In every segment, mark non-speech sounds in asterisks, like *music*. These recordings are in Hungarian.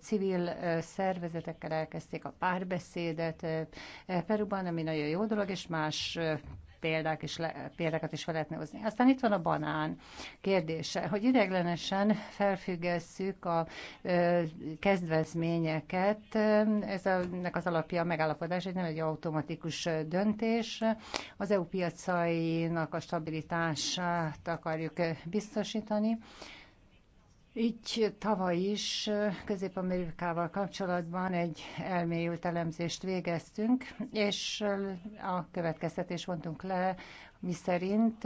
civil szervezetekkel elkezdték a párbeszédet Peruban, ami nagyon jó dolog, és más példák is le, példákat is fel lehetne hozni. Aztán itt van a banán kérdése, hogy ideglenesen felfüggesszük a ö, kezdvezményeket. Ez a, ennek az alapja a megállapodás, egy nem egy automatikus döntés. Az EU piacainak a stabilitását akarjuk biztosítani. Ö, így tavaly is Közép-Amerikával kapcsolatban egy elmélyült elemzést végeztünk, és a következtetés vontunk le, miszerint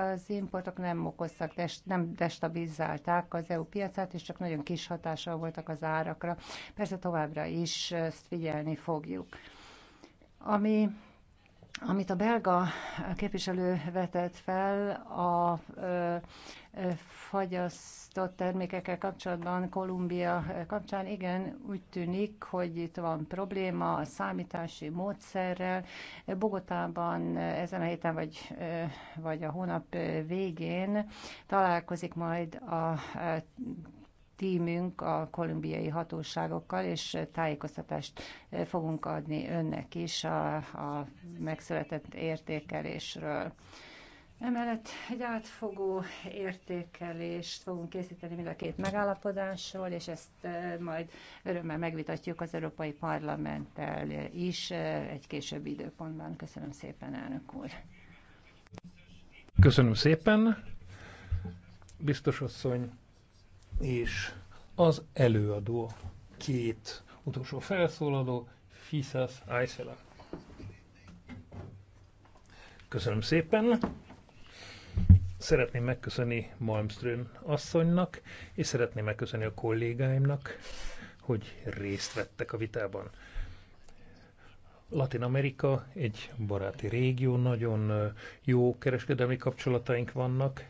az importok nem okoztak, nem destabilizálták az EU piacát, és csak nagyon kis hatással voltak az árakra. Persze továbbra is ezt figyelni fogjuk. Ami amit a belga képviselő vetett fel, a fagyasztott termékekkel kapcsolatban, Kolumbia kapcsán, igen, úgy tűnik, hogy itt van probléma a számítási módszerrel. Bogotában ezen a héten vagy, vagy a hónap végén találkozik majd a tímünk a kolumbiai hatóságokkal, és tájékoztatást eh, fogunk adni önnek is a, a megszületett értékelésről. Emellett egy átfogó értékelést fogunk készíteni mind a két megállapodásról, és ezt eh, majd örömmel megvitatjuk az Európai Parlamenttel is eh, egy későbbi időpontban. Köszönöm szépen, elnök úr! Köszönöm szépen, biztos asszony! és az előadó két utolsó felszólaló, Fisas Aysela. Köszönöm szépen! Szeretném megköszönni Malmström asszonynak, és szeretném megköszönni a kollégáimnak, hogy részt vettek a vitában. Latin Amerika egy baráti régió, nagyon jó kereskedelmi kapcsolataink vannak,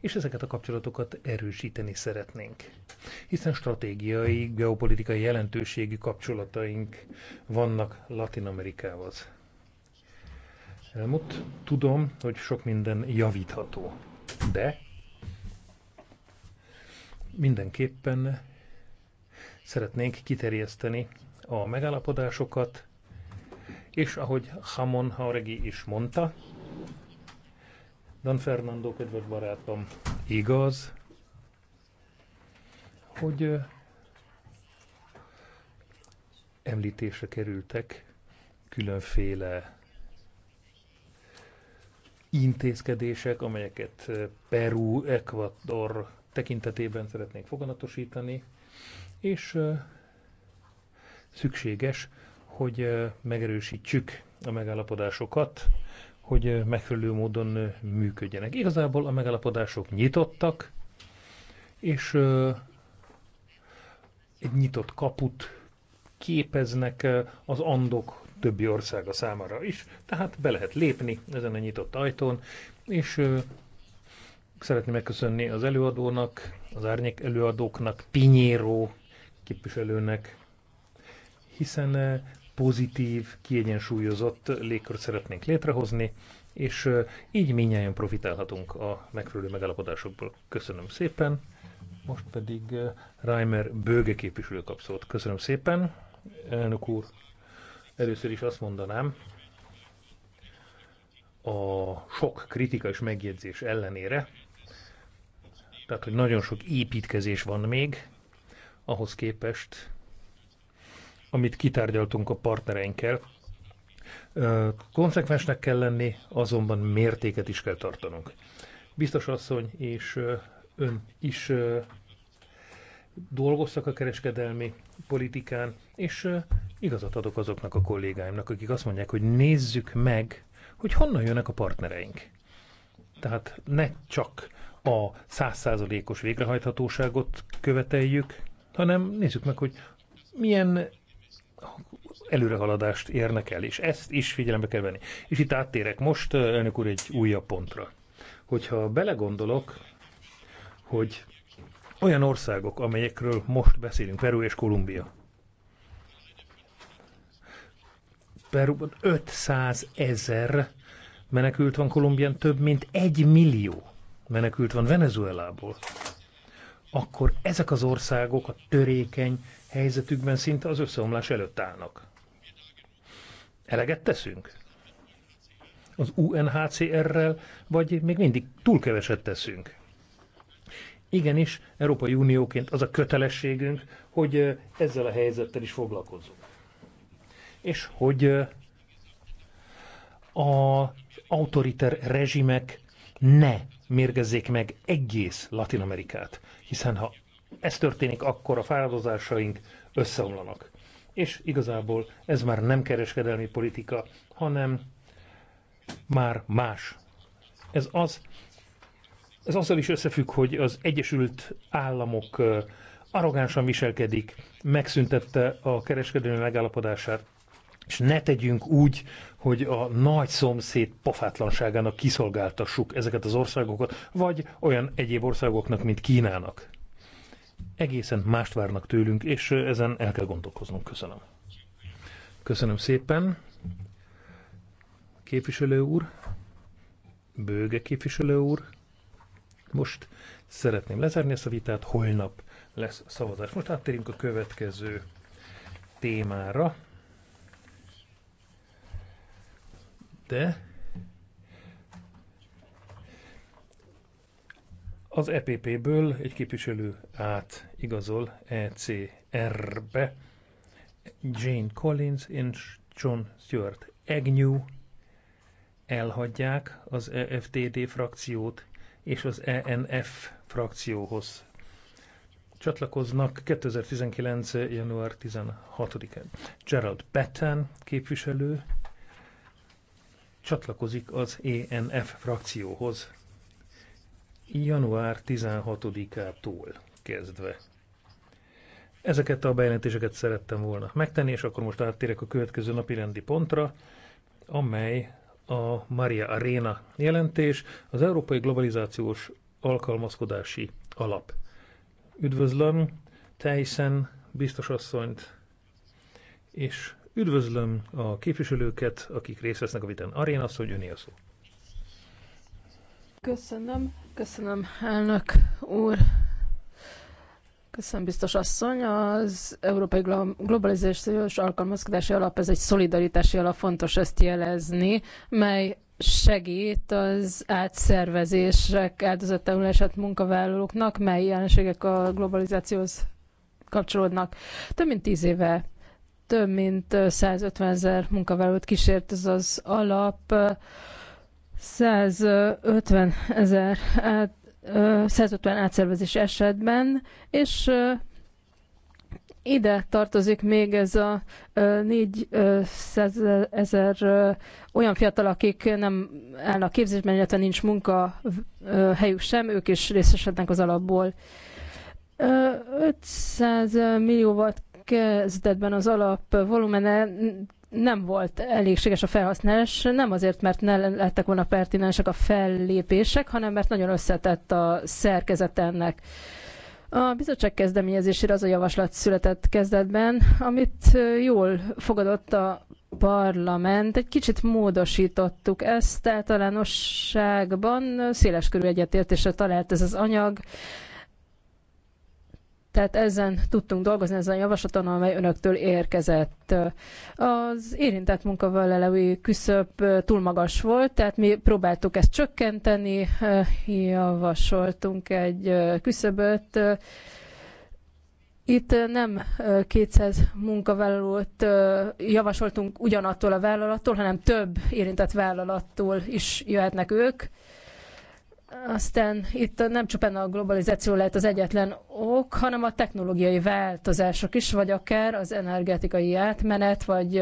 és ezeket a kapcsolatokat erősíteni szeretnénk. Hiszen stratégiai, geopolitikai jelentőségi kapcsolataink vannak Latin Amerikával. Elmúlt, tudom, hogy sok minden javítható, de mindenképpen szeretnénk kiterjeszteni a megállapodásokat, és ahogy Hamon Hauregi is mondta, Don Fernando, kedves barátom, igaz, hogy említésre kerültek különféle intézkedések, amelyeket Peru, Ecuador tekintetében szeretnénk foganatosítani, és szükséges, hogy megerősítsük a megállapodásokat hogy megfelelő módon működjenek. Igazából a megállapodások nyitottak, és egy nyitott kaput képeznek az andok többi országa számára is, tehát be lehet lépni ezen a nyitott ajtón, és szeretném megköszönni az előadónak, az árnyék előadóknak, Pinyéró képviselőnek, hiszen pozitív, kiegyensúlyozott légkört szeretnénk létrehozni, és így minnyáján profitálhatunk a megfelelő megállapodásokból. Köszönöm szépen. Most pedig Reimer Bőge képviselő kap szót. Köszönöm szépen, elnök úr. Először is azt mondanám, a sok kritika és megjegyzés ellenére, tehát hogy nagyon sok építkezés van még, ahhoz képest, amit kitárgyaltunk a partnereinkkel. konsekvensnek kell lenni, azonban mértéket is kell tartanunk. Biztos asszony és ön is dolgoztak a kereskedelmi politikán, és igazat adok azoknak a kollégáimnak, akik azt mondják, hogy nézzük meg, hogy honnan jönnek a partnereink. Tehát ne csak a százszázalékos végrehajthatóságot követeljük, hanem nézzük meg, hogy milyen előrehaladást érnek el, és ezt is figyelembe kell venni. És itt áttérek most, elnök úr, egy újabb pontra. Hogyha belegondolok, hogy olyan országok, amelyekről most beszélünk, Peru és Kolumbia, Peruban 500 ezer menekült van Kolumbián, több mint egy millió menekült van Venezuelából, akkor ezek az országok a törékeny, helyzetükben szinte az összeomlás előtt állnak. Eleget teszünk? Az UNHCR-rel, vagy még mindig túl keveset teszünk? Igenis, Európai Unióként az a kötelességünk, hogy ezzel a helyzettel is foglalkozunk. És hogy a autoriter rezsimek ne mérgezzék meg egész Latin Amerikát. Hiszen ha ez történik akkor, a fáradozásaink összeomlanak. És igazából ez már nem kereskedelmi politika, hanem már más. Ez az, ez azzal is összefügg, hogy az Egyesült Államok arrogánsan viselkedik, megszüntette a kereskedelmi megállapodását, és ne tegyünk úgy, hogy a nagy szomszéd pofátlanságának kiszolgáltassuk ezeket az országokat, vagy olyan egyéb országoknak, mint Kínának egészen mást várnak tőlünk, és ezen el kell gondolkoznunk. Köszönöm. Köszönöm szépen. Képviselő úr, bőge képviselő úr, most szeretném lezárni ezt a vitát, holnap lesz szavazás. Most áttérünk a következő témára. De az EPP-ből egy képviselő igazol ECR-be. Jane Collins és John Stewart Agnew elhagyják az EFTD frakciót, és az ENF frakcióhoz csatlakoznak 2019. január 16-án. Gerald Patton képviselő csatlakozik az ENF frakcióhoz január 16-ától kezdve. Ezeket a bejelentéseket szerettem volna megtenni, és akkor most áttérek a következő napi rendi pontra, amely a Maria Arena jelentés, az Európai Globalizációs Alkalmazkodási Alap. Üdvözlöm Tyson biztosasszonyt, és üdvözlöm a képviselőket, akik részt vesznek a vitán. Aréna asszony, öné a szó. Köszönöm. Köszönöm, elnök úr. Köszönöm, biztos asszony. Az Európai Globalizációs Alkalmazkodási Alap, ez egy szolidaritási alap, fontos ezt jelezni, mely segít az átszervezések áldozatául esett munkavállalóknak, mely jelenségek a globalizációhoz kapcsolódnak. Több mint tíz éve több mint 150 ezer munkavállalót kísért ez az alap 150 ezer 150 átszervezés esetben, és ide tartozik még ez a 400 ezer olyan fiatal, akik nem állnak képzésben, illetve nincs munka helyük sem, ők is részesednek az alapból. 500 millió volt kezdetben az alap volumene nem volt elégséges a felhasználás, nem azért, mert ne lettek volna pertinensek a fellépések, hanem mert nagyon összetett a szerkezet ennek. A bizottság kezdeményezésére az a javaslat született kezdetben, amit jól fogadott a parlament. Egy kicsit módosítottuk ezt általánosságban, körű egyetértésre talált ez az anyag, tehát ezen tudtunk dolgozni, ezen a javaslaton, amely önöktől érkezett. Az érintett munkavállalói küszöb túl magas volt, tehát mi próbáltuk ezt csökkenteni, javasoltunk egy küszöböt, itt nem 200 munkavállalót javasoltunk ugyanattól a vállalattól, hanem több érintett vállalattól is jöhetnek ők. Aztán itt nem csupán a globalizáció lehet az egyetlen ok, hanem a technológiai változások is, vagy akár az energetikai átmenet, vagy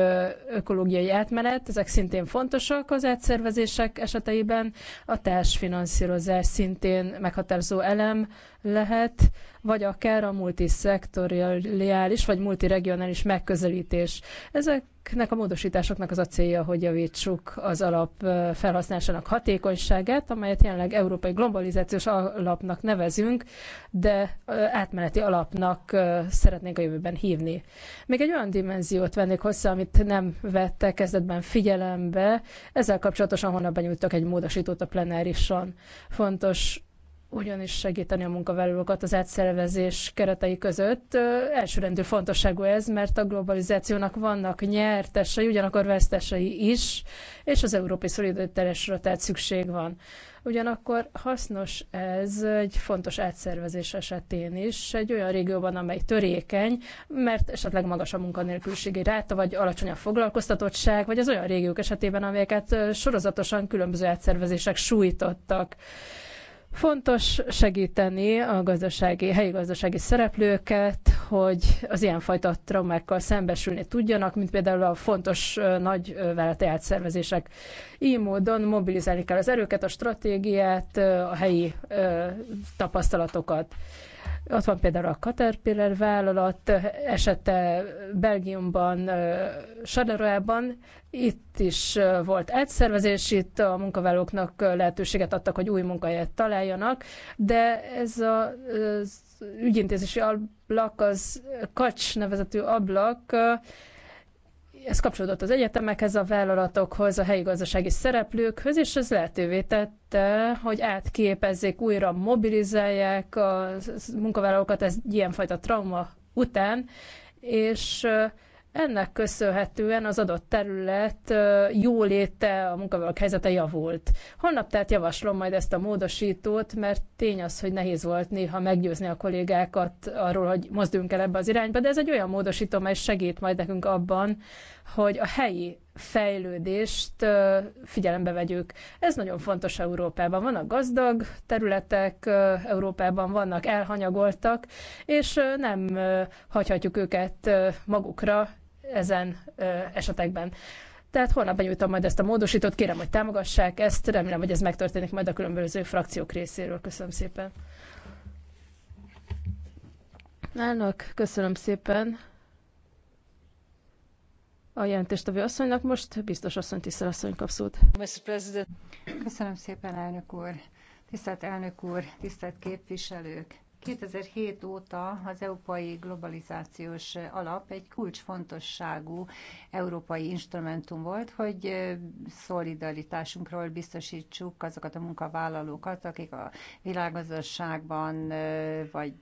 ökológiai átmenet, ezek szintén fontosak az átszervezések eseteiben. A társfinanszírozás szintén meghatározó elem lehet, vagy akár a multiszektoriális, vagy multiregionális megközelítés. Ezek Ezeknek a módosításoknak az a célja, hogy javítsuk az alap felhasználásának hatékonyságát, amelyet jelenleg Európai Globalizációs Alapnak nevezünk, de átmeneti alapnak szeretnénk a jövőben hívni. Még egy olyan dimenziót vennék hozzá, amit nem vettek kezdetben figyelembe. Ezzel kapcsolatosan holnap benyújtok egy módosítót a plenárison. Fontos ugyanis segíteni a munkavállalókat az átszervezés keretei között. Elsőrendű fontosságú ez, mert a globalizációnak vannak nyertesei, ugyanakkor vesztesei is, és az európai szolidaritásra tehát szükség van. Ugyanakkor hasznos ez egy fontos átszervezés esetén is, egy olyan régióban, amely törékeny, mert esetleg magas a munkanélküliségi ráta, vagy alacsony a foglalkoztatottság, vagy az olyan régiók esetében, amelyeket sorozatosan különböző átszervezések sújtottak. Fontos segíteni a gazdasági, helyi gazdasági szereplőket, hogy az ilyenfajta traumákkal szembesülni tudjanak, mint például a fontos nagy velete szervezések. Így módon mobilizálni kell az erőket, a stratégiát, a helyi tapasztalatokat. Ott van például a Caterpillar vállalat esete Belgiumban, Sarleroában. Itt is volt egyszervezés, itt a munkavállalóknak lehetőséget adtak, hogy új munkahelyet találjanak, de ez a az ügyintézési ablak, az kacs nevezetű ablak, ez kapcsolódott az egyetemekhez, a vállalatokhoz, a helyi gazdasági szereplőkhöz, és ez lehetővé tette, hogy átképezzék, újra mobilizálják a munkavállalókat ez ilyenfajta trauma után, és ennek köszönhetően az adott terület jóléte, a munkavállalók helyzete javult. Holnap tehát javaslom majd ezt a módosítót, mert tény az, hogy nehéz volt néha meggyőzni a kollégákat arról, hogy mozduljunk el ebbe az irányba, de ez egy olyan módosító, mely segít majd nekünk abban, hogy a helyi fejlődést figyelembe vegyük. Ez nagyon fontos Európában. Vannak gazdag területek, Európában vannak elhanyagoltak, és nem hagyhatjuk őket magukra, ezen esetekben. Tehát holnap benyújtom majd ezt a módosítót, kérem, hogy támogassák ezt, remélem, hogy ez megtörténik majd a különböző frakciók részéről. Köszönöm szépen. Elnök, köszönöm szépen. A jelentéstevő asszonynak most biztos asszony, tisztel asszony kap szót. Köszönöm szépen, elnök úr. Tisztelt elnök úr, tisztelt képviselők. 2007 óta az Európai Globalizációs Alap egy kulcsfontosságú európai instrumentum volt, hogy szolidaritásunkról biztosítsuk azokat a munkavállalókat, akik a világgazdaságban vagy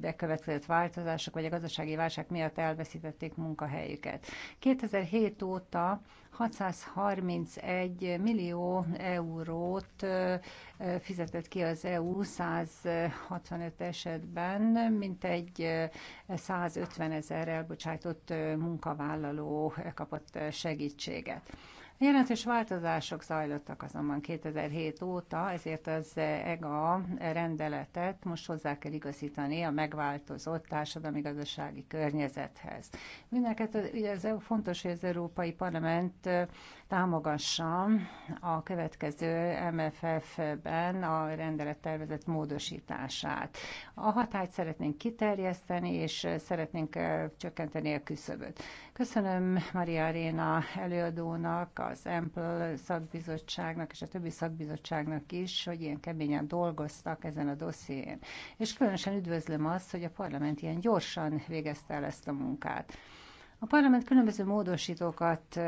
bekövetkezett változások vagy a gazdasági válság miatt elveszítették munkahelyüket. 2007 óta 631 millió eurót fizetett ki az EU 165 esetben, mint egy 150 ezer elbocsájtott munkavállaló kapott segítséget. Jelentős változások zajlottak azonban 2007 óta, ezért az EGA rendeletet most hozzá kell igazítani a megváltozott társadalmi-gazdasági környezethez. Mindenket ugye ez e fontos, hogy az Európai Parlament támogassa a következő MFF-ben a rendelettervezet módosítását. A hatályt szeretnénk kiterjeszteni, és szeretnénk csökkenteni a küszöböt. Köszönöm Maria Arena előadónak, az Ample szakbizottságnak és a többi szakbizottságnak is, hogy ilyen keményen dolgoztak ezen a dosszién. És különösen üdvözlöm azt, hogy a parlament ilyen gyorsan végezte el ezt a munkát. A parlament különböző módosítókat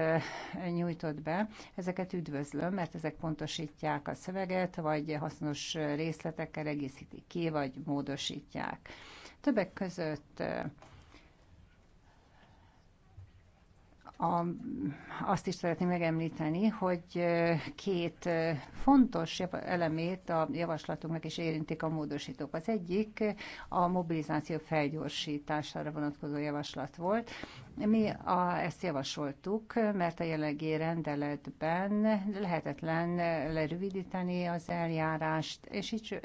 nyújtott be, ezeket üdvözlöm, mert ezek pontosítják a szöveget, vagy hasznos részletekkel egészítik ki, vagy módosítják. Többek között a, azt is szeretném megemlíteni, hogy két fontos elemét a javaslatunknak is érintik a módosítók. Az egyik a mobilizáció felgyorsítására vonatkozó javaslat volt. Mi a, ezt javasoltuk, mert a jelenlegi rendeletben lehetetlen lerövidíteni az eljárást, és így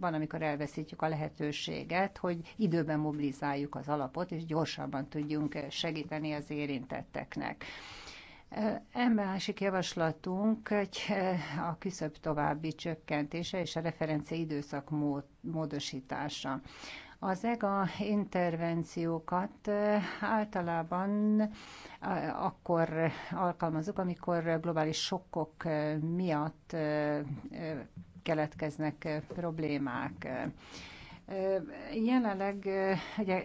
van, amikor elveszítjük a lehetőséget, hogy időben mobilizáljuk az alapot, és gyorsabban tudjunk segíteni az érintetteknek. Másik javaslatunk hogy a küszöb további csökkentése és a referencia időszak módosítása. Az EGA intervenciókat általában akkor alkalmazunk, amikor globális sokkok miatt keletkeznek problémák. Jelenleg ugye,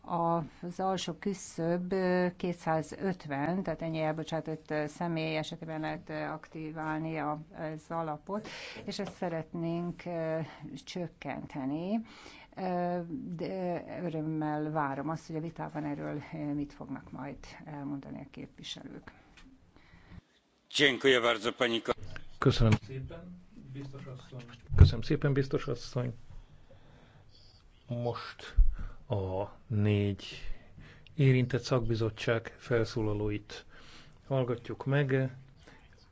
az alsó küszöb 250, tehát ennyi elbocsátott személy esetében lehet aktiválni az alapot, és ezt szeretnénk csökkenteni. De örömmel várom azt, hogy a vitában erről mit fognak majd elmondani a képviselők. Köszönöm szépen. Köszönöm szépen, biztos asszony. Most a négy érintett szakbizottság felszólalóit hallgatjuk meg,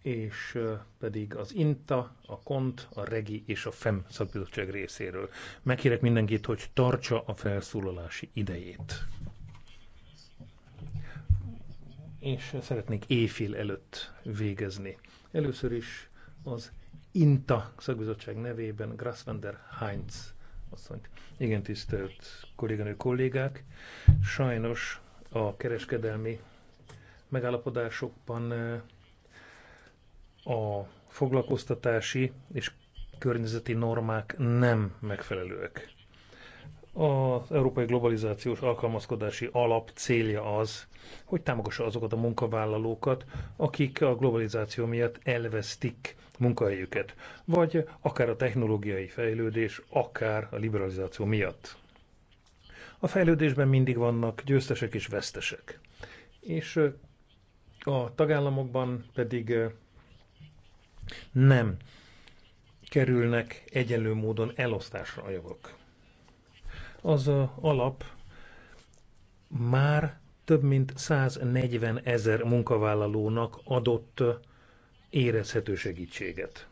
és pedig az INTA, a KONT, a REGI és a FEM szakbizottság részéről. Megkérek mindenkit, hogy tartsa a felszólalási idejét. És szeretnék éjfél előtt végezni. Először is az INTA szakbizottság nevében Grasswender Heinz asszonyt. Igen, tisztelt kolléganő kollégák, sajnos a kereskedelmi megállapodásokban eh, a foglalkoztatási és környezeti normák nem megfelelőek. Az Európai Globalizációs Alkalmazkodási Alap célja az, hogy támogassa azokat a munkavállalókat, akik a globalizáció miatt elvesztik munkahelyüket, vagy akár a technológiai fejlődés, akár a liberalizáció miatt. A fejlődésben mindig vannak győztesek és vesztesek. És a tagállamokban pedig nem kerülnek egyenlő módon elosztásra a jogok az alap már több mint 140 ezer munkavállalónak adott érezhető segítséget.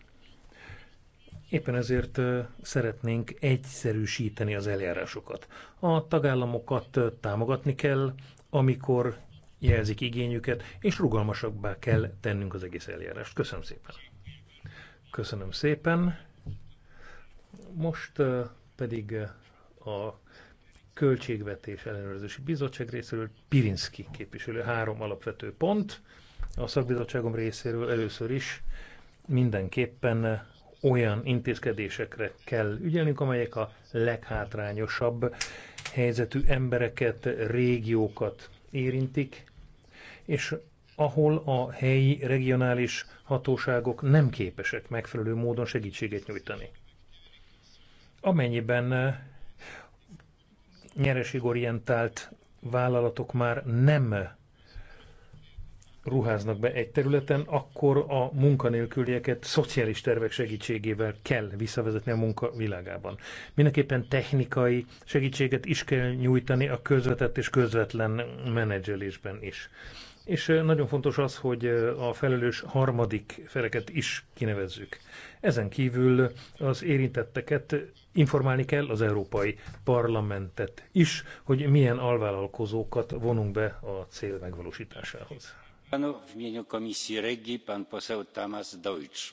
Éppen ezért szeretnénk egyszerűsíteni az eljárásokat. A tagállamokat támogatni kell, amikor jelzik igényüket, és rugalmasabbá kell tennünk az egész eljárást. Köszönöm szépen. Köszönöm szépen. Most pedig a Költségvetés Ellenőrzési Bizottság részéről Pirinski képviselő. Három alapvető pont. A szakbizottságom részéről először is mindenképpen olyan intézkedésekre kell ügyelnünk, amelyek a leghátrányosabb helyzetű embereket, régiókat érintik, és ahol a helyi regionális hatóságok nem képesek megfelelő módon segítséget nyújtani. Amennyiben nyereségorientált vállalatok már nem ruháznak be egy területen, akkor a munkanélkülieket szociális tervek segítségével kell visszavezetni a munka világában. Mindenképpen technikai segítséget is kell nyújtani a közvetett és közvetlen menedzselésben is. És nagyon fontos az, hogy a felelős harmadik feleket is kinevezzük. Ezen kívül az érintetteket informálni kell az Európai Parlamentet is, hogy milyen alvállalkozókat vonunk be a cél megvalósításához. Panu, w Deutsch,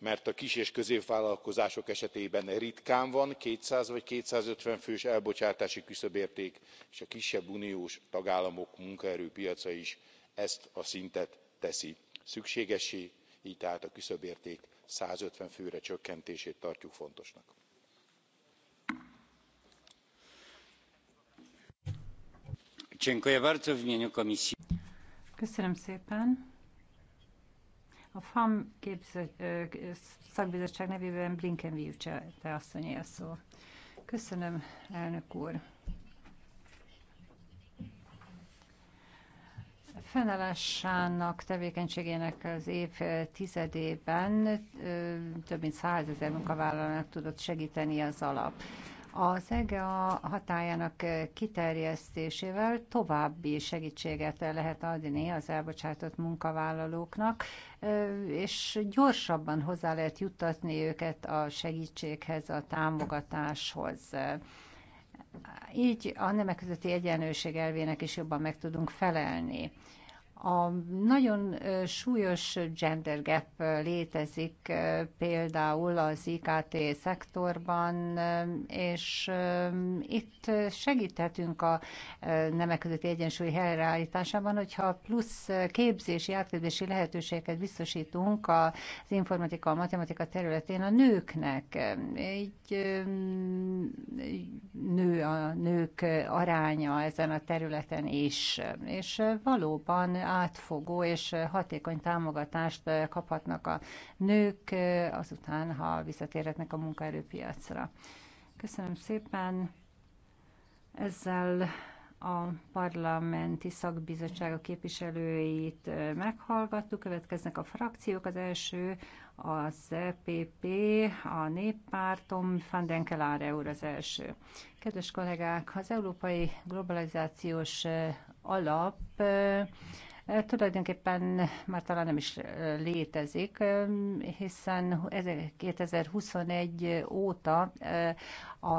mert a kis és középvállalkozások esetében ritkán van two hundred vagy two hundred and fifty fős elbocsátási küszöbérték és a kisebb uniós tagállamok munkaerőpiaca is ezt a szintet teszi szükségessé gy tehát a küszöbérték one hundred and fifty főre csökkentését tartjuk fontosnak. köszönöm szépen! A FAM képző, szakbizottság nevében Blinken Vívcse, te asszonyé a szó. Köszönöm, elnök úr. fennállásának tevékenységének az év tizedében több mint százezer munkavállalónak tudott segíteni az alap. Az EGA hatájának kiterjesztésével további segítséget lehet adni az elbocsátott munkavállalóknak, és gyorsabban hozzá lehet juttatni őket a segítséghez, a támogatáshoz. Így a nemek közötti egyenlőség elvének is jobban meg tudunk felelni. A nagyon súlyos gender gap létezik például az IKT szektorban, és itt segíthetünk a nemek közötti egyensúly helyreállításában, hogyha plusz képzési, átképzési lehetőségeket biztosítunk az informatika, a matematika területén a nőknek. egy nő a nők aránya ezen a területen is, és valóban átfogó és hatékony támogatást kaphatnak a nők azután, ha visszatérhetnek a munkaerőpiacra. Köszönöm szépen. Ezzel a parlamenti a képviselőit meghallgattuk, következnek a frakciók. Az első az EPP, a néppártom, Van den Kelare úr az első. Kedves kollégák, az európai globalizációs alap tulajdonképpen már talán nem is létezik, hiszen 2021 óta a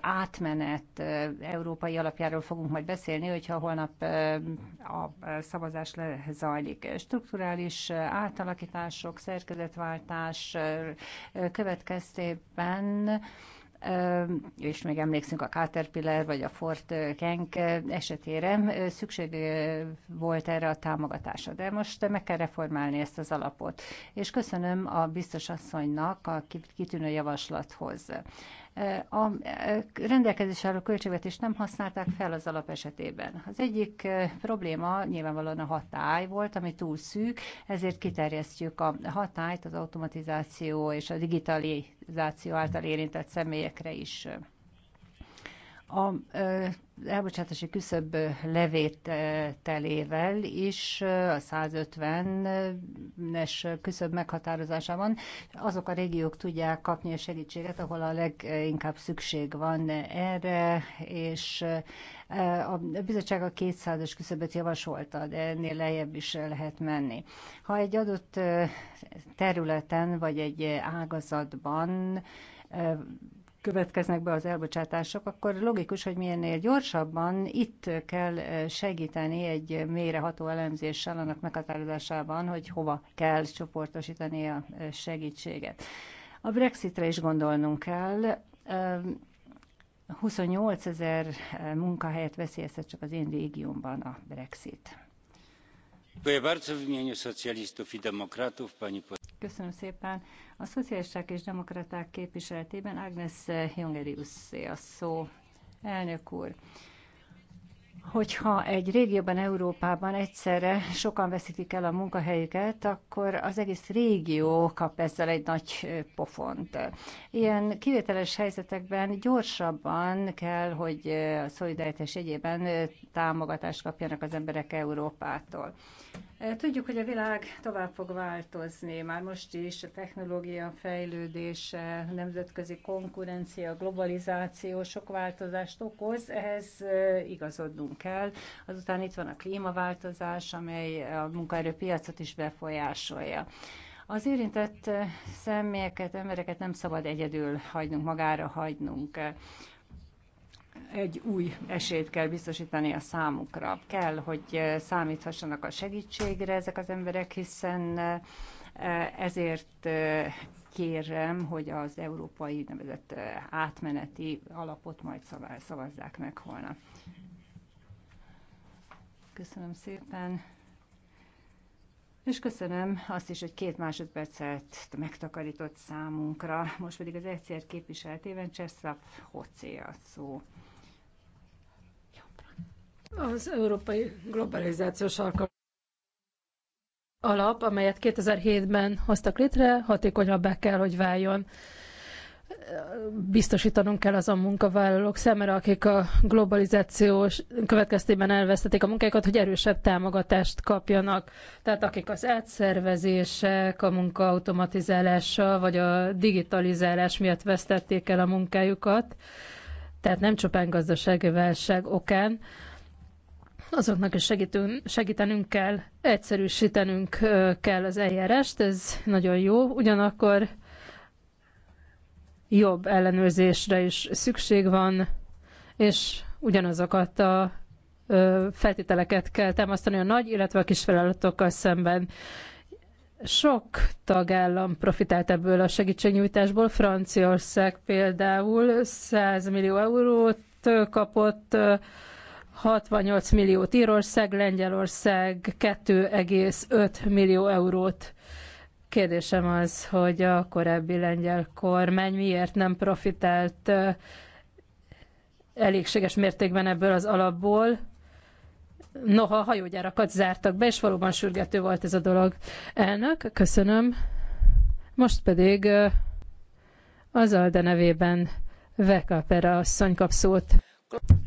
átmenet európai alapjáról fogunk majd beszélni, hogyha holnap a szavazás lezajlik. Strukturális átalakítások, szerkezetváltás következtében és még emlékszünk a Caterpillar vagy a Fort Genk esetére, szükség volt erre a támogatásra. De most meg kell reformálni ezt az alapot. És köszönöm a biztos asszonynak a kitűnő javaslathoz a rendelkezés álló költségvetést nem használták fel az alap esetében. Az egyik probléma nyilvánvalóan a hatály volt, ami túl szűk, ezért kiterjesztjük a hatályt az automatizáció és a digitalizáció által érintett személyekre is a elbocsátási küszöbb levételével is a 150-es küszöbb meghatározásában azok a régiók tudják kapni a segítséget, ahol a leginkább szükség van erre, és a bizottság a 200 es küszöbet javasolta, de ennél lejjebb is lehet menni. Ha egy adott területen vagy egy ágazatban következnek be az elbocsátások, akkor logikus, hogy milyennél gyorsabban itt kell segíteni egy méreható elemzéssel annak meghatározásában, hogy hova kell csoportosítani a segítséget. A Brexitre is gondolnunk kell. 28 ezer munkahelyet veszélyeztet csak az én régiómban a Brexit. Köszönöm szépen. A szocialisták és demokraták képviseletében Agnes Jongerius a szó. Elnök úr, hogyha egy régióban, Európában egyszerre sokan veszítik el a munkahelyüket, akkor az egész régió kap ezzel egy nagy pofont. Ilyen kivételes helyzetekben gyorsabban kell, hogy a szolidaritás egyében támogatást kapjanak az emberek Európától. Eh, tudjuk, hogy a világ tovább fog változni, már most is a technológia fejlődése, nemzetközi konkurencia, globalizáció sok változást okoz, ehhez eh, igazodnunk kell. Azután itt van a klímaváltozás, amely a munkaerőpiacot is befolyásolja. Az érintett eh, személyeket, embereket nem szabad egyedül hagynunk, magára hagynunk egy új esélyt kell biztosítani a számukra. Kell, hogy eh, számíthassanak a segítségre ezek az emberek, hiszen eh, ezért eh, kérem, hogy az európai nevezett átmeneti alapot majd szavazzák meg holnap. Köszönöm szépen. És köszönöm azt is, hogy két másodpercet megtakarított számunkra. Most pedig az egyszer képviseltében Cseszlav Hocé a szó. Az Európai Globalizációs Alkalom alap, amelyet 2007-ben hoztak létre, hatékonyabbá kell, hogy váljon. Biztosítanunk kell azon munkavállalók számára, akik a globalizációs következtében elvesztették a munkáikat, hogy erősebb támogatást kapjanak. Tehát akik az átszervezések, a munka automatizálása vagy a digitalizálás miatt vesztették el a munkájukat, tehát nem csupán gazdasági válság okán, azoknak is segítünk, segítenünk kell, egyszerűsítenünk kell az eljárást, ez nagyon jó, ugyanakkor jobb ellenőrzésre is szükség van, és ugyanazokat a feltételeket kell támasztani a nagy, illetve a kis feladatokkal szemben. Sok tagállam profitált ebből a segítségnyújtásból. Franciaország például 100 millió eurót kapott 68 milliót Írország, Lengyelország 2,5 millió eurót. Kérdésem az, hogy a korábbi lengyel kormány miért nem profitált elégséges mértékben ebből az alapból. Noha a hajógyárakat zártak be, és valóban sürgető volt ez a dolog. Elnök, köszönöm. Most pedig az alde nevében Vekapera asszony kap szót.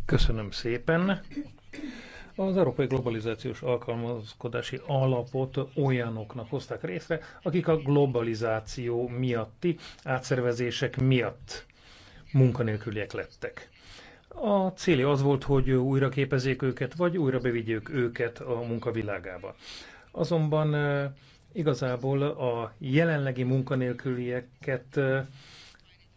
Köszönöm szépen. Az Európai Globalizációs Alkalmazkodási Alapot olyanoknak hozták részre, akik a globalizáció miatti átszervezések miatt munkanélküliek lettek. A célja az volt, hogy újra képezzék őket, vagy újra bevigyék őket a munkavilágába. Azonban eh, igazából a jelenlegi munkanélkülieket eh,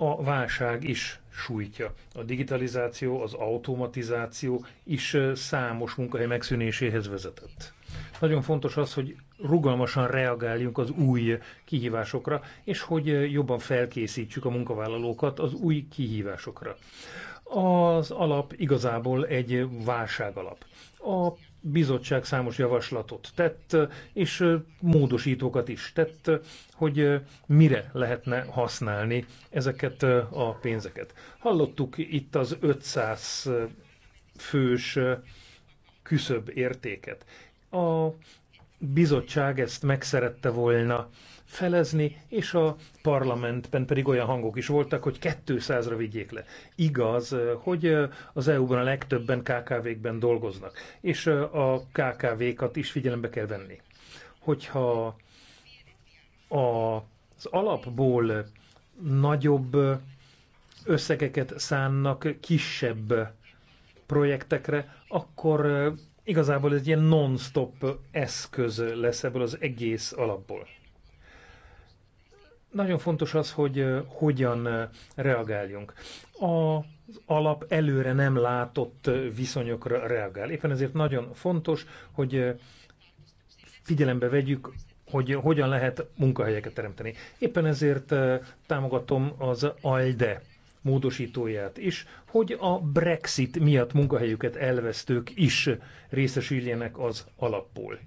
a válság is sújtja. A digitalizáció, az automatizáció is számos munkahely megszűnéséhez vezetett. Nagyon fontos az, hogy rugalmasan reagáljunk az új kihívásokra, és hogy jobban felkészítsük a munkavállalókat az új kihívásokra. Az alap igazából egy válságalap. A bizottság számos javaslatot tett, és módosítókat is tett, hogy mire lehetne használni ezeket a pénzeket. Hallottuk itt az 500 fős küszöbb értéket. A bizottság ezt meg szerette volna felezni, és a parlamentben pedig olyan hangok is voltak, hogy 200-ra vigyék le. Igaz, hogy eh, az EU-ban a legtöbben KKV-kben dolgoznak, és eh, a KKV-kat is figyelembe kell venni. Hogyha az alapból nagyobb eh, összegeket szánnak kisebb projektekre, akkor igazából ez egy ilyen non-stop eszköz lesz ebből az egész alapból nagyon fontos az, hogy hogyan reagáljunk. Az alap előre nem látott viszonyokra reagál. Éppen ezért nagyon fontos, hogy figyelembe vegyük, hogy hogyan lehet munkahelyeket teremteni. Éppen ezért támogatom az ALDE módosítóját is, hogy a Brexit miatt munkahelyüket elvesztők is részesüljenek az alapból.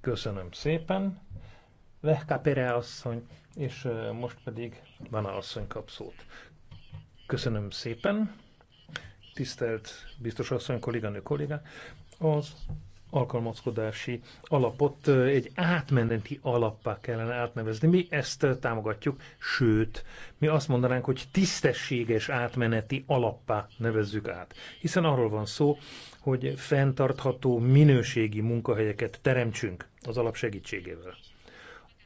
Köszönöm szépen. Vehka Pere asszony, és e, most pedig Vana asszony kap szót. Köszönöm szépen. Tisztelt biztos asszony, kolléganő kollégák. Az alkalmazkodási alapot egy átmeneti alappá kellene átnevezni. Mi ezt támogatjuk, sőt, mi azt mondanánk, hogy tisztességes átmeneti alappá nevezzük át. Hiszen arról van szó, hogy fenntartható minőségi munkahelyeket teremtsünk az alap segítségével.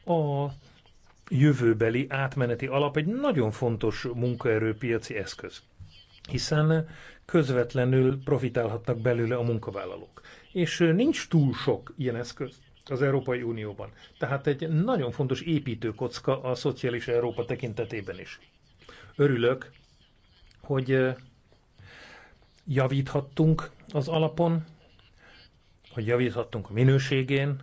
A jövőbeli átmeneti alap egy nagyon fontos munkaerőpiaci eszköz, hiszen közvetlenül profitálhatnak belőle a munkavállalók és nincs túl sok ilyen eszköz az Európai Unióban. Tehát egy nagyon fontos építőkocka a szociális Európa tekintetében is. Örülök, hogy javíthattunk az alapon, hogy javíthattunk a minőségén,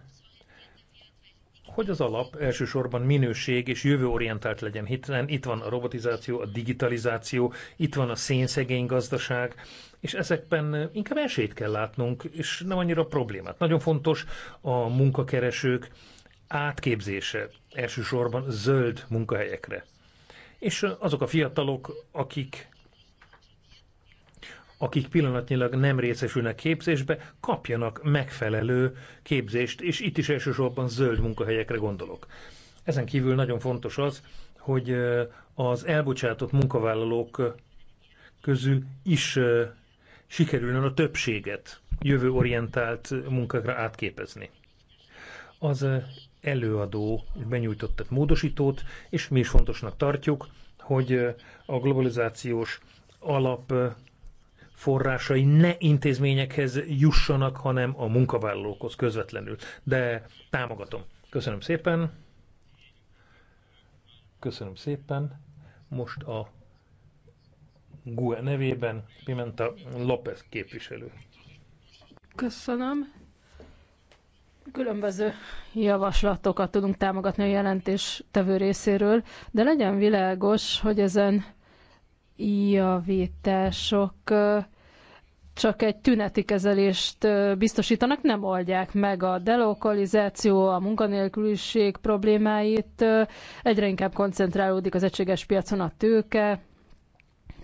hogy az alap elsősorban minőség és jövőorientált legyen, hiszen itt van a robotizáció, a digitalizáció, itt van a szénszegény gazdaság, és ezekben inkább esélyt kell látnunk, és nem annyira problémát. Nagyon fontos a munkakeresők átképzése, elsősorban zöld munkahelyekre. És azok a fiatalok, akik akik pillanatnyilag nem részesülnek képzésbe, kapjanak megfelelő képzést, és itt is elsősorban zöld munkahelyekre gondolok. Ezen kívül nagyon fontos az, hogy az elbocsátott munkavállalók közül is sikerülne a többséget jövőorientált munkákra átképezni. Az előadó benyújtott egy módosítót, és mi is fontosnak tartjuk, hogy a globalizációs alap forrásai ne intézményekhez jussanak, hanem a munkavállalókhoz közvetlenül. De támogatom. Köszönöm szépen. Köszönöm szépen. Most a GUE nevében Pimenta López képviselő. Köszönöm. Különböző javaslatokat tudunk támogatni a jelentés tevő részéről, de legyen világos, hogy ezen javítások csak egy tüneti kezelést biztosítanak, nem oldják meg a delokalizáció, a munkanélküliség problémáit, egyre inkább koncentrálódik az egységes piacon a tőke,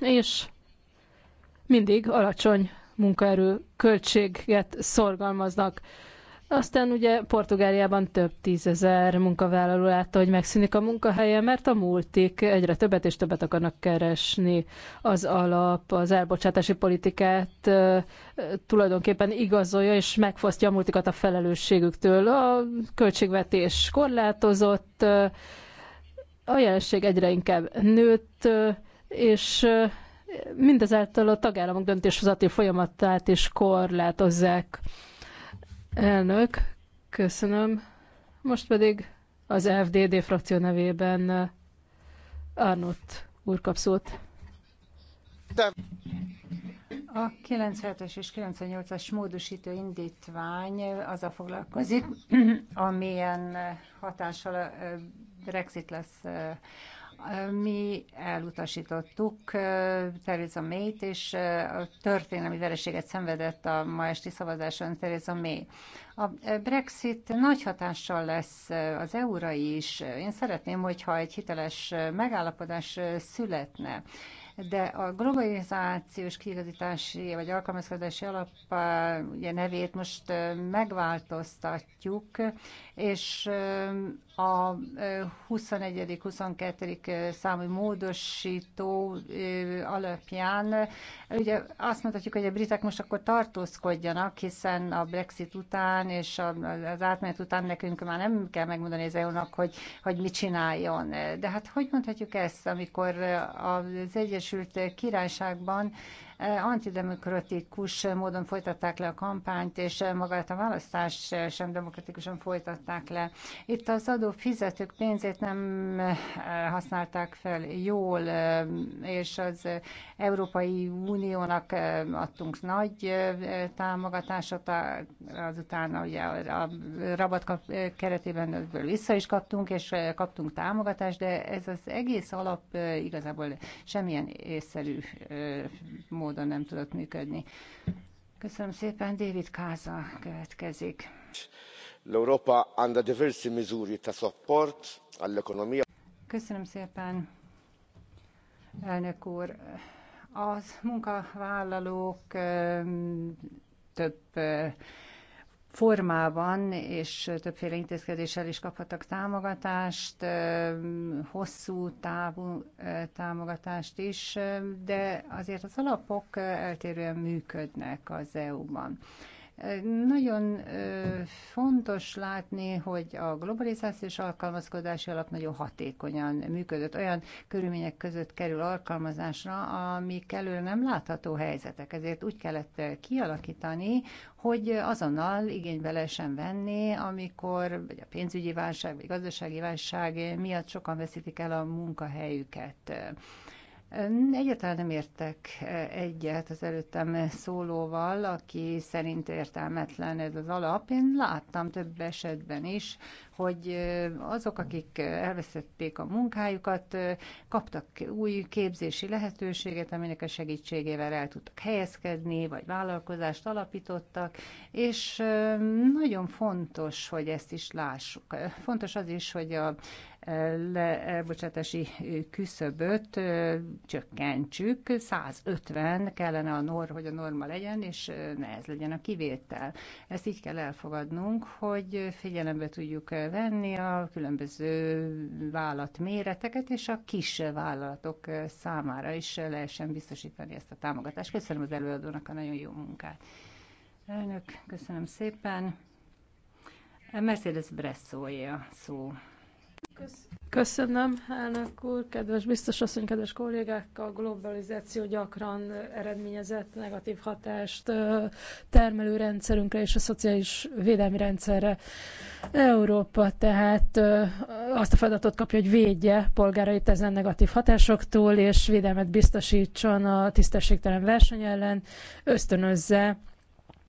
és mindig alacsony munkaerő költséget szorgalmaznak. Aztán ugye Portugáliában több tízezer munkavállaló látta, hogy megszűnik a munkahelye, mert a multik egyre többet és többet akarnak keresni. Az alap, az elbocsátási politikát e, tulajdonképpen igazolja és megfosztja a multikat a felelősségüktől. A költségvetés korlátozott, e, a jelenség egyre inkább nőtt, e, és mindezáltal a tagállamok döntéshozati folyamatát is korlátozzák. Elnök, köszönöm. Most pedig az FDD frakció nevében uh, Arnott úr kap szót. De. A 97-es és 98-as módosító indítvány a foglalkozik, *clears throat* amilyen hatással a Brexit lesz mi elutasítottuk Theresa May-t, és a történelmi vereséget szenvedett a ma esti szavazáson Theresa May. A Brexit nagy hatással lesz az eura is. Én szeretném, hogyha egy hiteles megállapodás születne de a globalizációs kiigazítási vagy alkalmazkodási alap ugye nevét most megváltoztatjuk, és a 21.-22. számú módosító alapján. Ugye azt mondhatjuk, hogy a britek most akkor tartózkodjanak, hiszen a Brexit után és az átmenet után nekünk már nem kell megmondani az eu hogy, hogy mit csináljon. De hát hogy mondhatjuk ezt, amikor az Egyesült Királyságban Eh, antidemokratikus módon folytatták le a kampányt, és eh, magát a választást sem demokratikusan folytatták le. Itt az adófizetők pénzét nem eh, használták fel jól, és az Európai Uniónak adtunk nagy támogatásot, azután ugye a rabat keretében ebből vissza is kaptunk, és kaptunk támogatást, de ez az egész alap igazából semmilyen észszerű módon módon nem tudott működni. Köszönöm szépen, David Káza következik. L'Europa anda diversi misuri ta' support all'economia. Köszönöm szépen, elnök úr. Az munkavállalók több formában és többféle intézkedéssel is kaphattak támogatást, hosszú távú támogatást is, de azért az alapok eltérően működnek az EU-ban. Nagyon fontos látni, hogy a globalizáció és alkalmazkodási alap nagyon hatékonyan működött. Olyan körülmények között kerül alkalmazásra, amik előre nem látható helyzetek. Ezért úgy kellett kialakítani, hogy azonnal igénybe lehessen venni, amikor vagy a pénzügyi válság, vagy gazdasági válság miatt sokan veszítik el a munkahelyüket Egyáltalán nem értek e, egyet az előttem szólóval, aki szerint értelmetlen ez az alap. Én láttam több esetben is, hogy e, azok, akik elveszették a munkájukat, e, kaptak új képzési lehetőséget, aminek a segítségével el tudtak helyezkedni, vagy vállalkozást alapítottak, és nagyon fontos, hogy ezt is lássuk. Fontos az is, hogy a le elbocsátási küszöböt csökkentsük. 150 kellene a norm, hogy a norma legyen, és ne ez legyen a kivétel. Ezt így kell elfogadnunk, hogy figyelembe tudjuk venni a különböző méreteket és a kis vállalatok számára is lehessen biztosítani ezt a támogatást. Köszönöm az előadónak a nagyon jó munkát. Elnök, köszönöm szépen. Mercedes a szó. Köszönöm, elnök úr, kedves biztos asszony, kedves kollégák, a globalizáció gyakran eredményezett negatív hatást termelő rendszerünkre és a szociális védelmi rendszerre. Európa tehát azt a feladatot kapja, hogy védje polgárait ezen negatív hatásoktól, és védelmet biztosítson a tisztességtelen verseny ellen, ösztönözze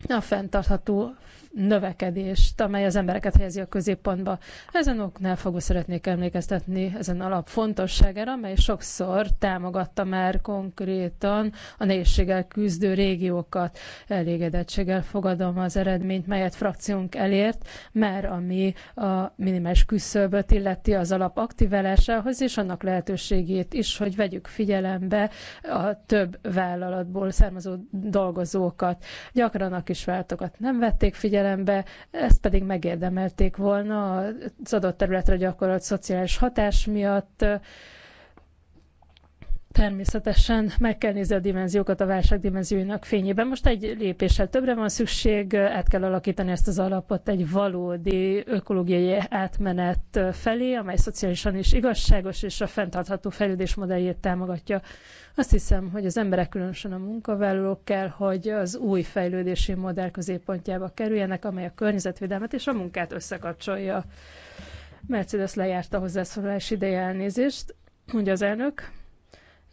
a fenntartható növekedést, amely az embereket helyezi a középpontba. Ezen oknál fogva szeretnék emlékeztetni ezen alap fontosságára, amely sokszor támogatta már konkrétan a nehézséggel küzdő régiókat. Elégedettséggel fogadom az eredményt, melyet frakciónk elért, mert ami a minimális küszöböt illeti az alap aktiválásához, és annak lehetőségét is, hogy vegyük figyelembe a több vállalatból származó dolgozókat. Gyakran a váltokat nem vették figyelembe, figyelembe, ezt pedig megérdemelték volna az adott területre gyakorolt szociális hatás miatt, Természetesen meg kell nézni a dimenziókat a válság dimenzióinak fényében. Most egy lépéssel többre van szükség, át kell alakítani ezt az alapot egy valódi ökológiai átmenet felé, amely szociálisan is igazságos és a fenntartható fejlődés modelljét támogatja. Azt hiszem, hogy az emberek, különösen a munkavállalók kell, hogy az új fejlődési modell középpontjába kerüljenek, amely a környezetvédelmet és a munkát összekapcsolja. Mercedes lejárta hozzászólás ideje elnézést, mondja az elnök.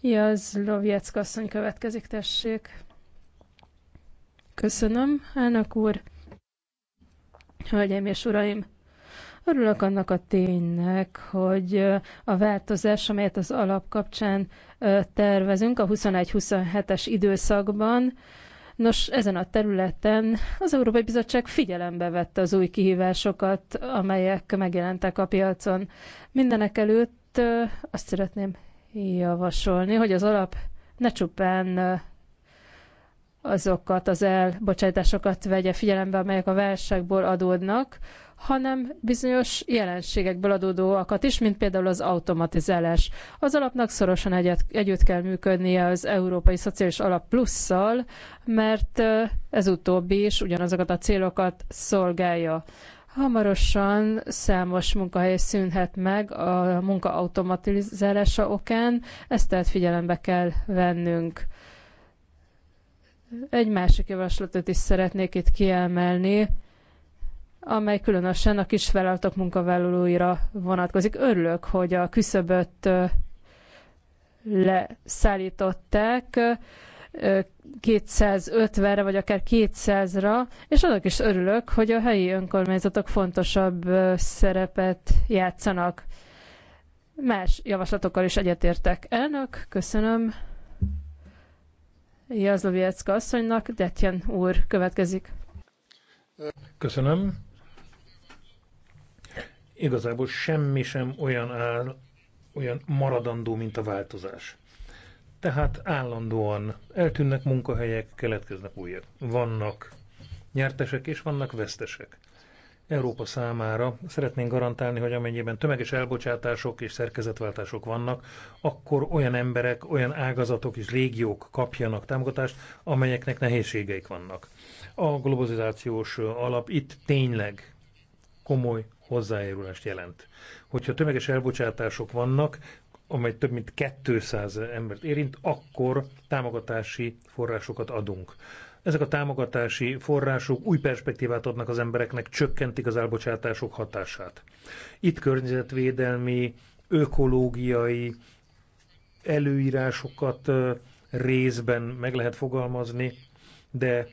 Jazlovjec asszony következik, tessék. Köszönöm, elnök úr. Hölgyeim és uraim, örülök annak a ténynek, hogy a változás, amelyet az alap kapcsán tervezünk a 21-27-es időszakban, Nos, ezen a területen az Európai Bizottság figyelembe vette az új kihívásokat, amelyek megjelentek a piacon. Mindenek előtt azt szeretném javasolni, hogy az alap ne csupán azokat az elbocsátásokat vegye figyelembe, amelyek a válságból adódnak, hanem bizonyos jelenségekből adódóakat is, mint például az automatizálás. Az alapnak szorosan egyet, együtt kell működnie az Európai Szociális Alap plusszal, mert ez utóbbi is ugyanazokat a célokat szolgálja. Hamarosan számos munkahely szűnhet meg a munka automatizálása okán, ezt tehát figyelembe kell vennünk. Egy másik javaslatot is szeretnék itt kiemelni, amely különösen a kisvállalatok munkavállalóira vonatkozik. Örülök, hogy a küszöböt leszállították 250-re, vagy akár 200-ra, és annak is örülök, hogy a helyi önkormányzatok fontosabb szerepet játszanak. Más javaslatokkal is egyetértek. Elnök, köszönöm. Jazloviecka asszonynak, Detjen úr következik. Köszönöm. Igazából semmi sem olyan áll, olyan maradandó, mint a változás. Tehát állandóan eltűnnek munkahelyek, keletkeznek újak. Vannak nyertesek és vannak vesztesek. Európa számára szeretnénk garantálni, hogy amennyiben tömeges elbocsátások és szerkezetváltások vannak, akkor olyan emberek, olyan ágazatok és régiók kapjanak támogatást, amelyeknek nehézségeik vannak. A globalizációs alap itt tényleg komoly hozzájárulást jelent. Hogyha tömeges elbocsátások vannak, amely több mint 200 embert érint, akkor támogatási forrásokat adunk. Ezek a támogatási források új perspektívát adnak az embereknek, csökkentik az elbocsátások hatását. Itt környezetvédelmi, ökológiai előírásokat részben meg lehet fogalmazni, de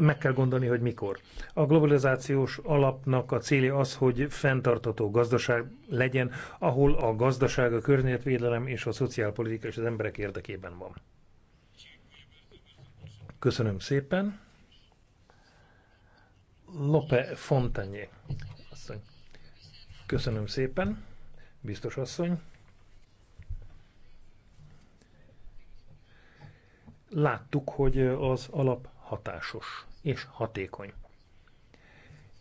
meg kell gondolni, hogy mikor. A globalizációs alapnak a célja az, hogy fenntartató gazdaság legyen, ahol a gazdaság, a környezetvédelem és a szociálpolitika és az emberek érdekében van. Köszönöm szépen. Lope Fontanyé. Asszony. Köszönöm szépen, biztos asszony. Láttuk, hogy az alap hatásos és hatékony.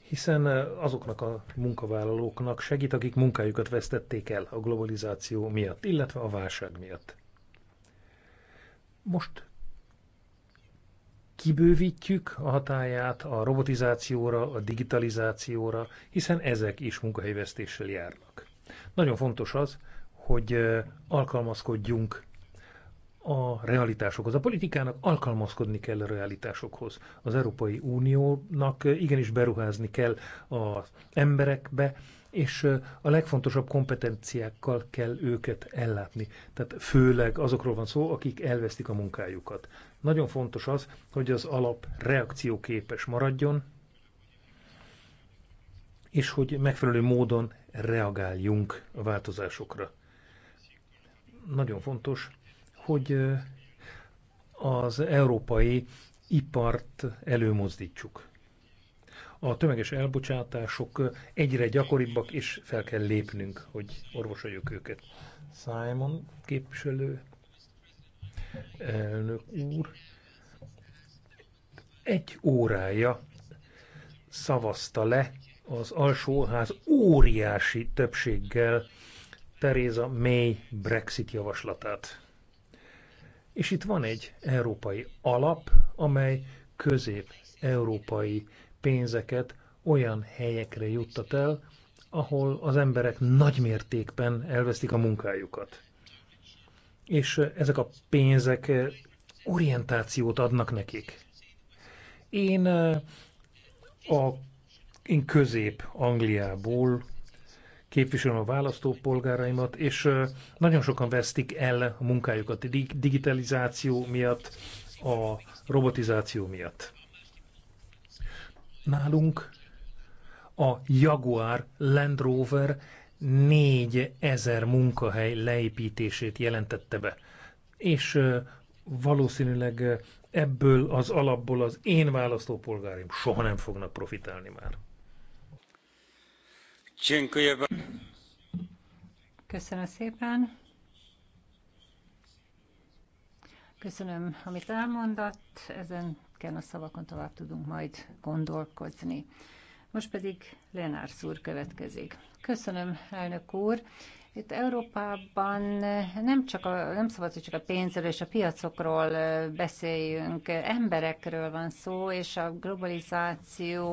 Hiszen azoknak a munkavállalóknak segít, akik munkájukat vesztették el a globalizáció miatt, illetve a válság miatt. Most kibővítjük a hatáját a robotizációra, a digitalizációra, hiszen ezek is munkahelyvesztéssel járnak. Nagyon fontos az, hogy alkalmazkodjunk a realitásokhoz. A politikának alkalmazkodni kell a realitásokhoz. Az Európai Uniónak igenis beruházni kell az emberekbe, és a legfontosabb kompetenciákkal kell őket ellátni. Tehát főleg azokról van szó, akik elvesztik a munkájukat. Nagyon fontos az, hogy az alap reakcióképes maradjon, és hogy megfelelő módon reagáljunk a változásokra. Nagyon fontos, hogy az európai ipart előmozdítsuk. A tömeges elbocsátások egyre gyakoribbak, és fel kell lépnünk, hogy orvosoljuk őket. Simon képviselő, elnök úr, egy órája szavazta le az alsóház óriási többséggel Theresa May Brexit javaslatát. És itt van egy európai alap, amely közép-európai pénzeket olyan helyekre juttat el, ahol az emberek nagymértékben elvesztik a munkájukat. És ezek a pénzek orientációt adnak nekik. Én eh, a én közép Angliából képviselem a választópolgáraimat, és nagyon sokan vesztik el a munkájukat a digitalizáció miatt, a robotizáció miatt. Nálunk a Jaguar Land Rover 4000 munkahely leépítését jelentette be. És valószínűleg ebből az alapból az én választópolgárim soha nem fognak profitálni már. Köszönöm szépen. Köszönöm, amit elmondott. Ezeken a szavakon tovább tudunk majd gondolkozni. Most pedig Lenár úr következik. Köszönöm, elnök úr. Itt Európában nem, csak a, nem szabad, hogy csak a pénzről és a piacokról beszéljünk, emberekről van szó, és a globalizáció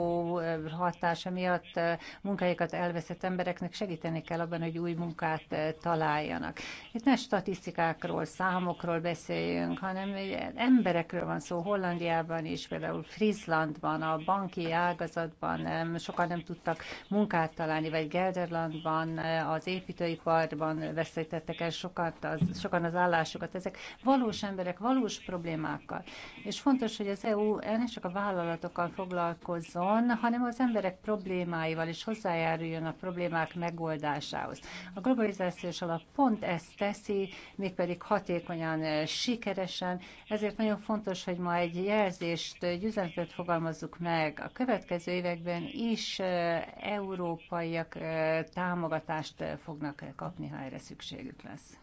hatása miatt munkáikat elveszett embereknek segíteni kell abban, hogy új munkát találjanak. Itt ne statisztikákról, számokról beszéljünk, hanem emberekről van szó Hollandiában is, például Frizlandban, a banki ágazatban sokan nem tudtak munkát találni, vagy Gelderlandban az építőipar iparban veszítettek el sokat az, sokan az állásukat. Ezek valós emberek, valós problémákkal. És fontos, hogy az EU ne csak a vállalatokkal foglalkozzon, hanem az emberek problémáival is hozzájáruljon a problémák megoldásához. A globalizációs alap pont ezt teszi, mégpedig hatékonyan, sikeresen, ezért nagyon fontos, hogy ma egy jelzést, egy üzenetet fogalmazzuk meg. A következő években is eh, európaiak eh, támogatást eh, fognak kapni, ha erre szükségük lesz.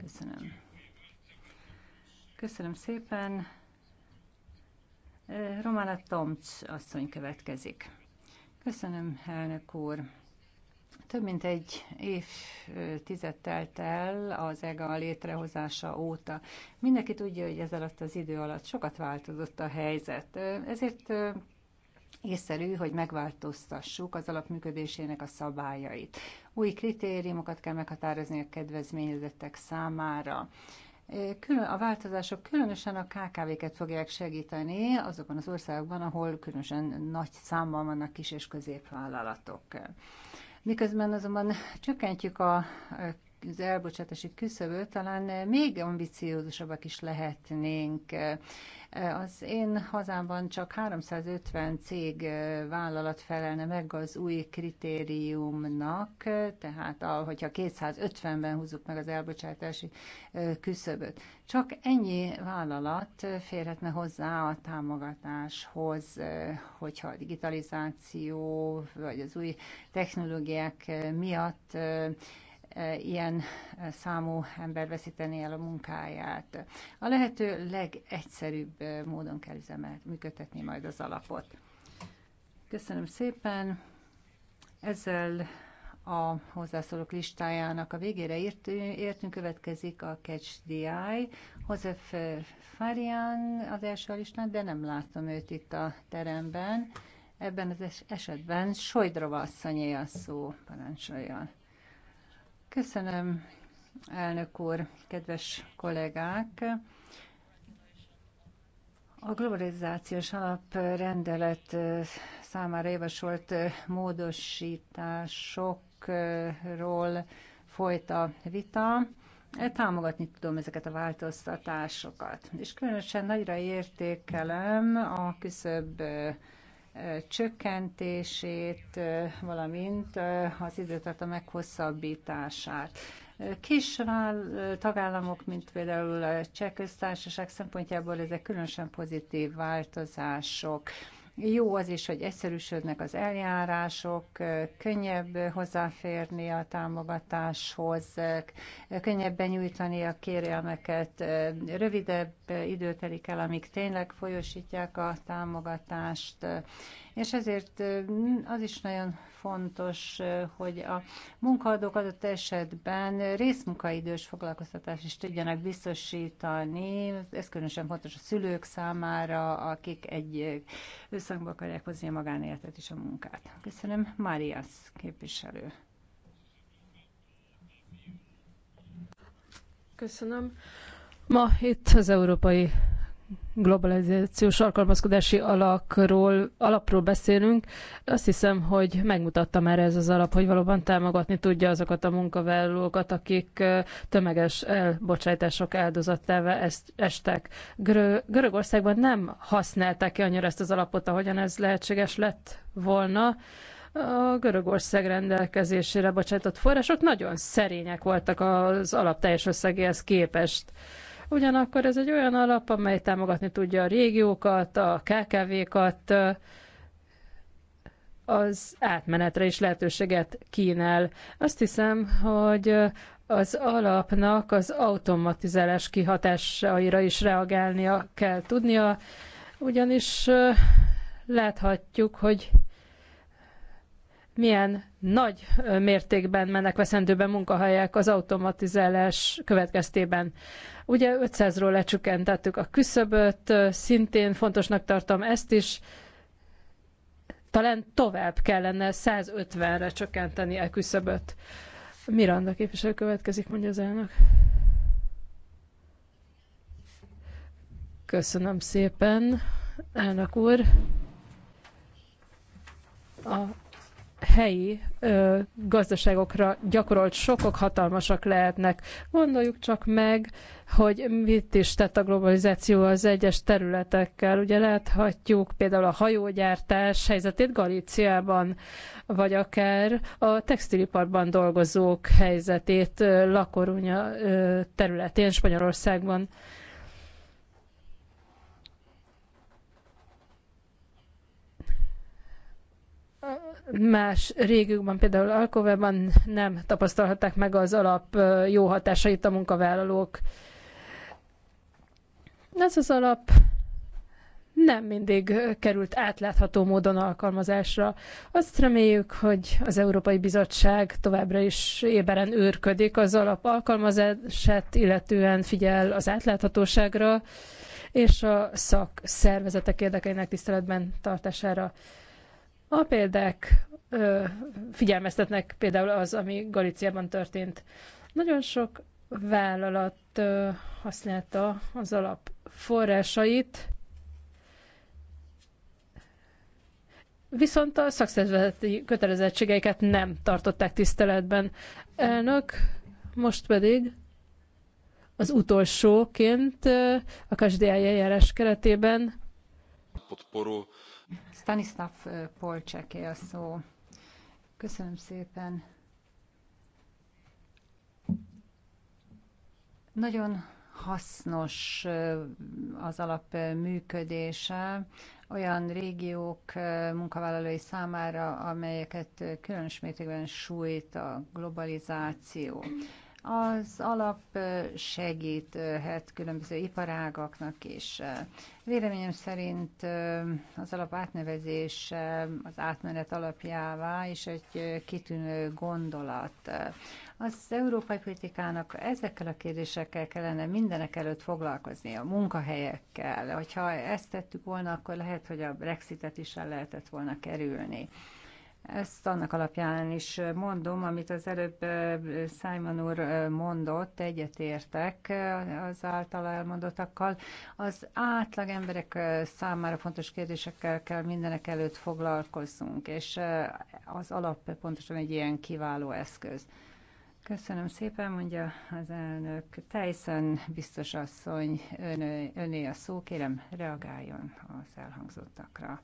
Köszönöm. Köszönöm szépen. Romana Tomcs asszony következik. Köszönöm, elnök úr. Több mint egy évtized telt el az EGA létrehozása óta. Mindenki tudja, hogy ez alatt az idő alatt sokat változott a helyzet. Ezért észszerű, hogy megváltoztassuk az alapműködésének a szabályait. Új kritériumokat kell meghatározni a kedvezményezettek számára. Külön, a változások különösen a KKV-ket fogják segíteni azokban az országokban, ahol különösen nagy számban vannak kis és középvállalatok. Miközben azonban csökkentjük a az elbocsátási küszöböt talán még ambiciózusabbak is lehetnénk. Az én hazámban csak 350 cég vállalat felelne meg az új kritériumnak, tehát a, 250-ben húzzuk meg az elbocsátási küszöböt. Csak ennyi vállalat férhetne hozzá a támogatáshoz, hogyha a digitalizáció vagy az új technológiák miatt E, ilyen e, számú ember veszíteni el a munkáját. A lehető legegyszerűbb e, módon kell üzemelt, működtetni majd az alapot. Köszönöm szépen. Ezzel a hozzászólók listájának a végére értünk, következik a Catch the Eye. Josef Farian az első a listán, de nem látom őt itt a teremben. Ebben az esetben Sojdrova asszonyé a szó, parancsoljon. Köszönöm, elnök úr, kedves kollégák! A globalizációs alaprendelet számára javasolt módosításokról folyt a vita. E, támogatni tudom ezeket a változtatásokat, és különösen nagyra értékelem a küszöbb csökkentését, valamint az időtartam meghosszabbítását. Kis tagállamok, mint például a Cseh köztársaság szempontjából ezek különösen pozitív változások. Jó az is, hogy egyszerűsödnek az eljárások, könnyebb hozzáférni a támogatáshoz, könnyebben nyújtani a kérelmeket, rövidebb idő telik el, amíg tényleg folyosítják a támogatást, és ezért az is nagyon fontos, hogy a munkaadók adott esetben részmunkaidős foglalkoztatást is tudjanak biztosítani. Ez különösen fontos a szülők számára, akik egy összhangba akarják hozni a magánéletet és a munkát. Köszönöm, Máriasz képviselő. Köszönöm. Ma itt az Európai globalizációs alkalmazkodási alakról, alapról beszélünk, azt hiszem, hogy megmutatta már ez az alap, hogy valóban támogatni tudja azokat a munkavállalókat, akik tömeges elbocsátások áldozatává ezt estek. Görögországban nem használták ki annyira ezt az alapot, ahogyan ez lehetséges lett volna a Görögország rendelkezésére bocsátott források nagyon szerények voltak az alap teljes összegéhez képest. Ugyanakkor ez egy olyan alap, amely támogatni tudja a régiókat, a KKV-kat, az átmenetre is lehetőséget kínál. Azt hiszem, hogy az alapnak az automatizálás kihatásaira is reagálnia kell tudnia, ugyanis láthatjuk, hogy milyen nagy mértékben mennek veszendőbe munkahelyek az automatizálás következtében. Ugye 500-ról lecsökkentettük a küszöböt, szintén fontosnak tartom ezt is, talán tovább kellene 150-re csökkenteni a küszöböt. Miranda képviselő következik, mondja az elnök. Köszönöm szépen, elnök úr. A helyi ö, gazdaságokra gyakorolt sokok hatalmasak lehetnek. Gondoljuk csak meg, hogy mit is tett a globalizáció az egyes területekkel. Ugye láthatjuk például a hajógyártás helyzetét Galíciában, vagy akár a textiliparban dolgozók helyzetét Lakorunya területén, Spanyolországban. Más régiókban, például Alkovában nem tapasztalhatták meg az alap jó hatásait a munkavállalók. Ez az alap nem mindig került átlátható módon alkalmazásra. Azt reméljük, hogy az Európai Bizottság továbbra is éberen őrködik az alap alkalmazását, illetően figyel az átláthatóságra és a szakszervezetek érdekeinek tiszteletben tartására. A példák ö, figyelmeztetnek például az, ami Galiciában történt. Nagyon sok vállalat ö, használta az alap forrásait, viszont a szakszervezeti kötelezettségeiket nem tartották tiszteletben. Elnök, most pedig az utolsóként a KSDI eljárás keretében podporu Stanislav Polcsek él szó. Köszönöm szépen. Nagyon hasznos az alap működése olyan régiók munkavállalói számára, amelyeket különös mértékben sújt a globalizáció. Az alap segíthet különböző iparágaknak is. Véleményem szerint az alap átnevezés az átmenet alapjává is egy kitűnő gondolat. Az európai politikának ezekkel a kérdésekkel kellene mindenek előtt foglalkozni, a munkahelyekkel. Hogyha ezt tettük volna, akkor lehet, hogy a Brexitet is el lehetett volna kerülni. Ezt annak alapján is mondom, amit az előbb Simon úr mondott, egyetértek az általa elmondottakkal. Az átlag emberek számára fontos kérdésekkel kell mindenek előtt foglalkozzunk, és az alap pontosan egy ilyen kiváló eszköz. Köszönöm szépen, mondja az elnök. Tyson biztos asszony, ön, öné a szó, kérem reagáljon az elhangzottakra.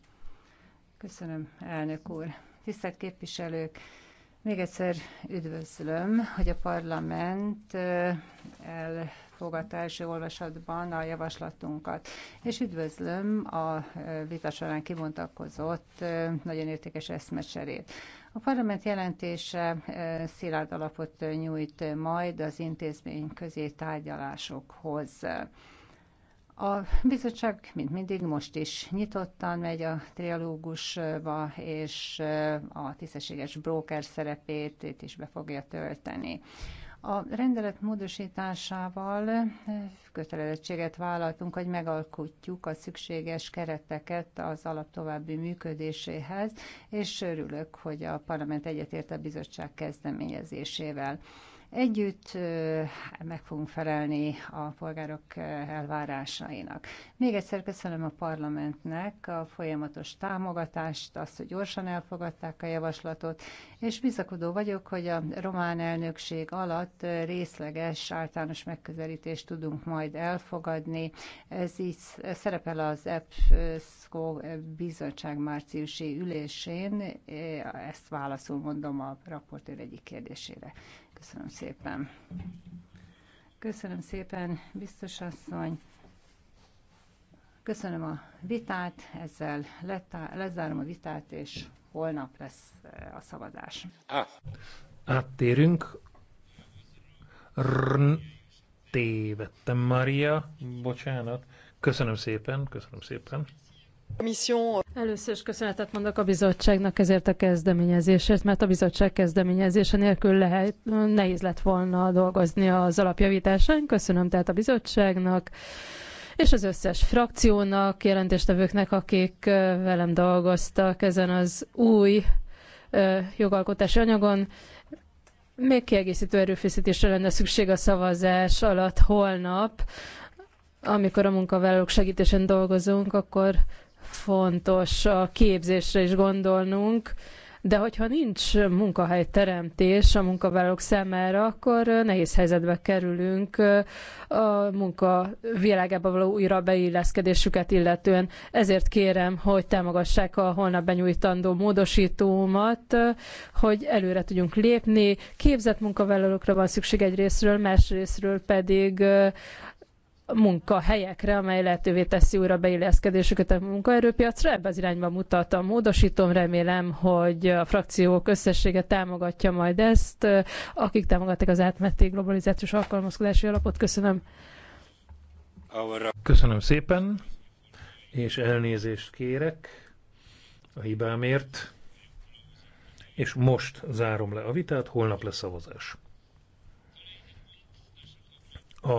Köszönöm, elnök úr. Tisztelt képviselők! Még egyszer üdvözlöm, hogy a parlament elfogadta első olvasatban a javaslatunkat, és üdvözlöm a vita során kibontakozott nagyon értékes eszmecserét. A parlament jelentése szilárd alapot nyújt majd az intézmény közé tárgyalásokhoz. A bizottság, mint mindig, most is nyitottan megy a trialógusba, és a tisztességes bróker szerepét itt is be fogja tölteni. A rendelet módosításával kötelezettséget vállaltunk, hogy megalkotjuk a szükséges kereteket az alap további működéséhez, és örülök, hogy a parlament egyetért a bizottság kezdeményezésével. Együtt meg fogunk felelni a polgárok elvárásainak. Még egyszer köszönöm a parlamentnek a folyamatos támogatást, azt, hogy gyorsan elfogadták a javaslatot, és bizakodó vagyok, hogy a román elnökség alatt részleges általános megközelítést tudunk majd elfogadni. Ez így szerepel az EPSCO bizottság márciusi ülésén. Ezt válaszul mondom a raportőr egyik kérdésére. Köszönöm szépen. Köszönöm szépen, biztos asszony. Köszönöm a vitát, ezzel letá- lezárom a vitát, és holnap lesz eh, a szavazás. Ah. Áttérünk. Rn tévedtem, Maria. Bocsánat. Köszönöm szépen, köszönöm szépen. Először is köszönetet mondok a bizottságnak ezért a kezdeményezésért, mert a bizottság kezdeményezése nélkül lehet, nehéz lett volna dolgozni az alapjavításán. Köszönöm tehát a bizottságnak és az összes frakciónak, jelentéstevőknek, akik velem dolgoztak ezen az új jogalkotási anyagon. Még kiegészítő erőfeszítésre lenne szükség a szavazás alatt holnap, amikor a munkavállalók segítésen dolgozunk, akkor fontos a képzésre is gondolnunk, de hogyha nincs munkahelyteremtés a munkavállalók számára, akkor nehéz helyzetbe kerülünk a munka világába való újra beilleszkedésüket illetően. Ezért kérem, hogy támogassák a holnap benyújtandó módosítómat, hogy előre tudjunk lépni. Képzett munkavállalókra van szükség egy részről, más részről pedig munkahelyekre, amely lehetővé teszi újra beilleszkedésüket a munkaerőpiacra. Ebbe az irányba mutat a módosítom. Remélem, hogy a frakciók összessége támogatja majd ezt, akik támogatják az átmették globalizációs alkalmazkodási alapot. Köszönöm. Köszönöm szépen, és elnézést kérek a hibámért. És most zárom le a vitát, holnap lesz szavazás. A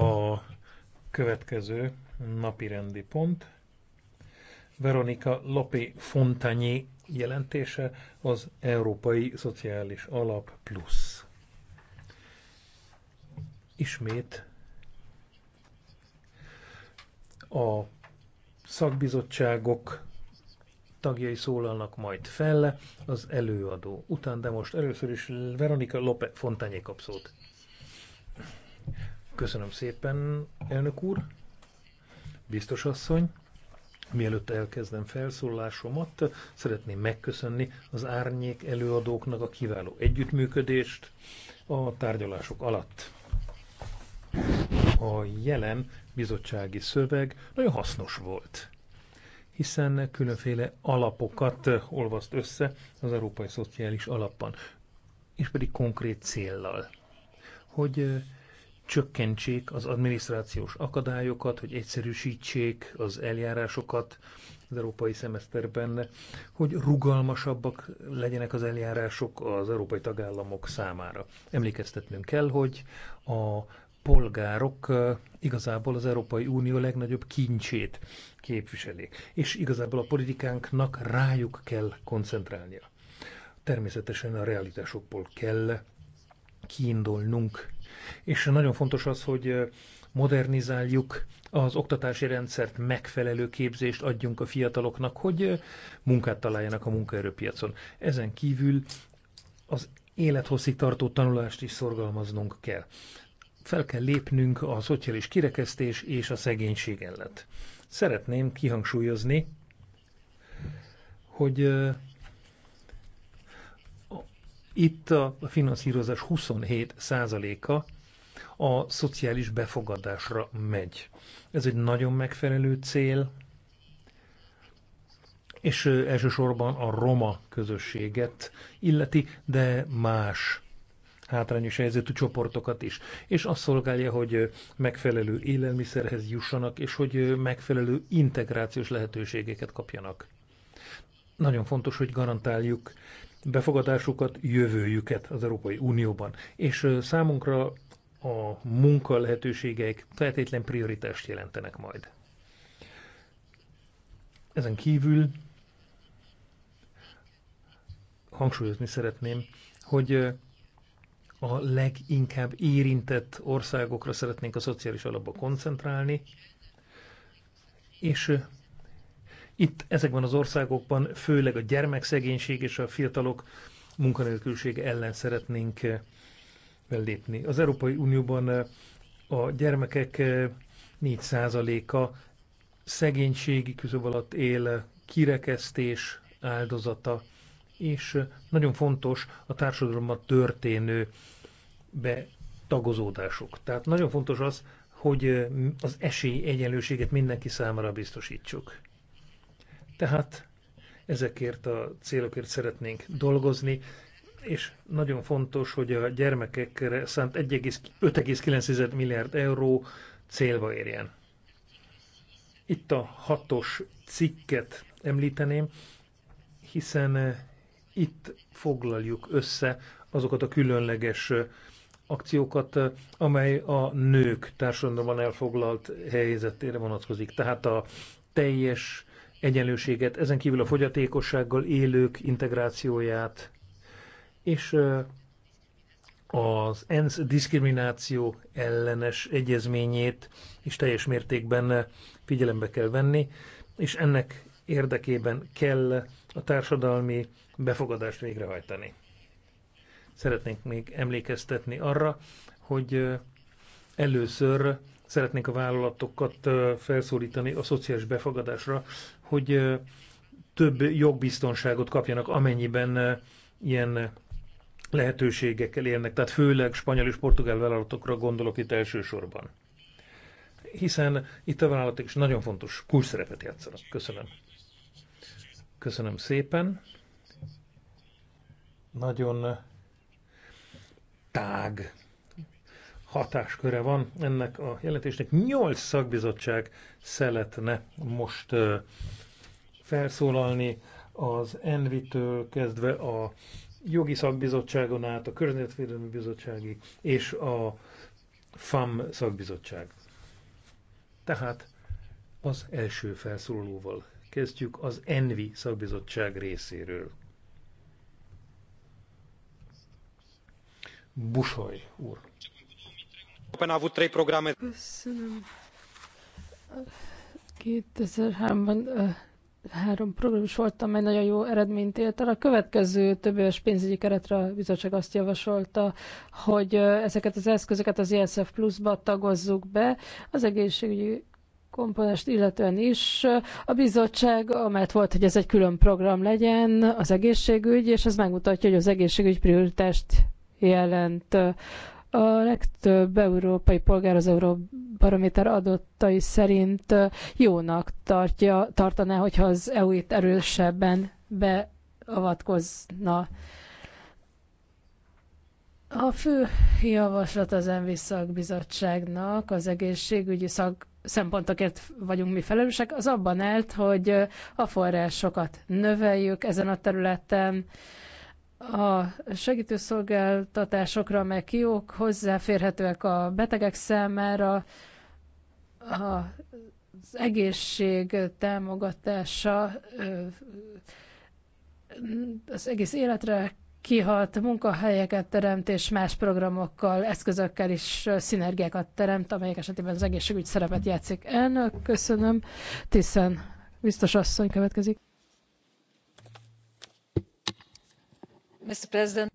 Következő napi rendi pont. Veronika Lopi Fontanyi jelentése az Európai Szociális Alap Plusz. Ismét a szakbizottságok tagjai szólalnak majd fel az előadó után, de most először is Veronika Lope Fontanyé kap szót. Köszönöm szépen, elnök úr, biztos asszony. Mielőtt elkezdem felszólásomat, szeretném megköszönni az árnyék előadóknak a kiváló együttműködést a tárgyalások alatt. A jelen bizottsági szöveg nagyon hasznos volt, hiszen különféle alapokat olvaszt össze az Európai Szociális Alapban, és pedig konkrét céllal, hogy csökkentsék az adminisztrációs akadályokat, hogy egyszerűsítsék az eljárásokat az európai szemeszterben, hogy rugalmasabbak legyenek az eljárások az európai tagállamok számára. Emlékeztetnünk kell, hogy a polgárok igazából az Európai Unió legnagyobb kincsét képviselik, és igazából a politikánknak rájuk kell koncentrálnia. Természetesen a realitásokból kell kiindulnunk és nagyon fontos az, hogy modernizáljuk az oktatási rendszert, megfelelő képzést adjunk a fiataloknak, hogy munkát találjanak a munkaerőpiacon. Ezen kívül az élethosszig tartó tanulást is szorgalmaznunk kell. Fel kell lépnünk a szociális kirekesztés és a szegénység ellen. Szeretném kihangsúlyozni, hogy itt a finanszírozás 27%-a a szociális befogadásra megy. Ez egy nagyon megfelelő cél, és elsősorban a roma közösséget illeti, de más hátrányos helyzetű csoportokat is. És azt szolgálja, hogy megfelelő élelmiszerhez jussanak, és hogy megfelelő integrációs lehetőségeket kapjanak. Nagyon fontos, hogy garantáljuk befogadásukat, jövőjüket az Európai Unióban. És számunkra a munka lehetőségek feltétlen prioritást jelentenek majd. Ezen kívül hangsúlyozni szeretném, hogy a leginkább érintett országokra szeretnénk a szociális alapba koncentrálni, és itt ezekben az országokban főleg a gyermekszegénység és a fiatalok munkanélkülsége ellen szeretnénk lépni. Az Európai Unióban eh, a gyermekek 4%-a eh, szegénységi küzöv alatt él, kirekesztés áldozata, és eh, nagyon fontos a társadalomban történő betagozódások. Tehát nagyon fontos az, hogy az esély egyenlőséget mindenki számára biztosítsuk. Tehát ezekért a célokért szeretnénk dolgozni, és nagyon fontos, hogy a gyermekekre szánt 5,9 milliárd euró célba érjen. Itt a hatos cikket említeném, hiszen eh, itt foglaljuk össze azokat a különleges eh, akciókat, eh, amely a nők társadalomban elfoglalt helyzetére vonatkozik. Tehát a teljes egyenlőséget, ezen kívül a fogyatékossággal élők integrációját, és az ENSZ diszkrimináció ellenes egyezményét is teljes mértékben figyelembe kell venni, és ennek érdekében kell a társadalmi befogadást végrehajtani. Szeretnénk még emlékeztetni arra, hogy először szeretnénk a vállalatokat felszólítani a szociális befogadásra, hogy több jogbiztonságot kapjanak, amennyiben ilyen lehetőségekkel élnek, tehát főleg spanyol és portugál vállalatokra gondolok itt elsősorban. Hiszen itt a vállalatok is nagyon fontos kulcsszerepet játszanak. Köszönöm. Köszönöm szépen. Nagyon tág hatásköre van ennek a jelentésnek. Nyolc szakbizottság szeretne most felszólalni az Envitől kezdve a jogi szakbizottságon át, a környezetvédelmi bizottsági és a FAM szakbizottság. Tehát az első felszólalóval kezdjük az ENVI szakbizottság részéről. Busoly úr. Köszönöm. 2003-ban három program is volt, amely nagyon jó eredményt ért el. A következő több éves pénzügyi keretre a bizottság azt javasolta, hogy ezeket az eszközöket az ESF ba tagozzuk be. Az egészségügyi komponest illetően is. A bizottság, amelyet volt, hogy ez egy külön program legyen, az egészségügy, és ez megmutatja, hogy az egészségügy prioritást jelent a legtöbb európai polgár az Euróbarométer adottai szerint jónak tartja, tartaná, hogyha az EU itt erősebben beavatkozna. A fő javaslat az ENVI szakbizottságnak az egészségügyi szak szempontokért vagyunk mi felelősek, az abban állt, hogy a forrásokat növeljük ezen a területen, a segítőszolgáltatásokra, amelyek jók, hozzáférhetőek a betegek számára, az egészség támogatása az egész életre kihat, munkahelyeket teremt, és más programokkal, eszközökkel is szinergiákat teremt, amelyek esetében az egészségügy szerepet játszik. Elnök, köszönöm. Tiszen, biztos asszony következik. mr president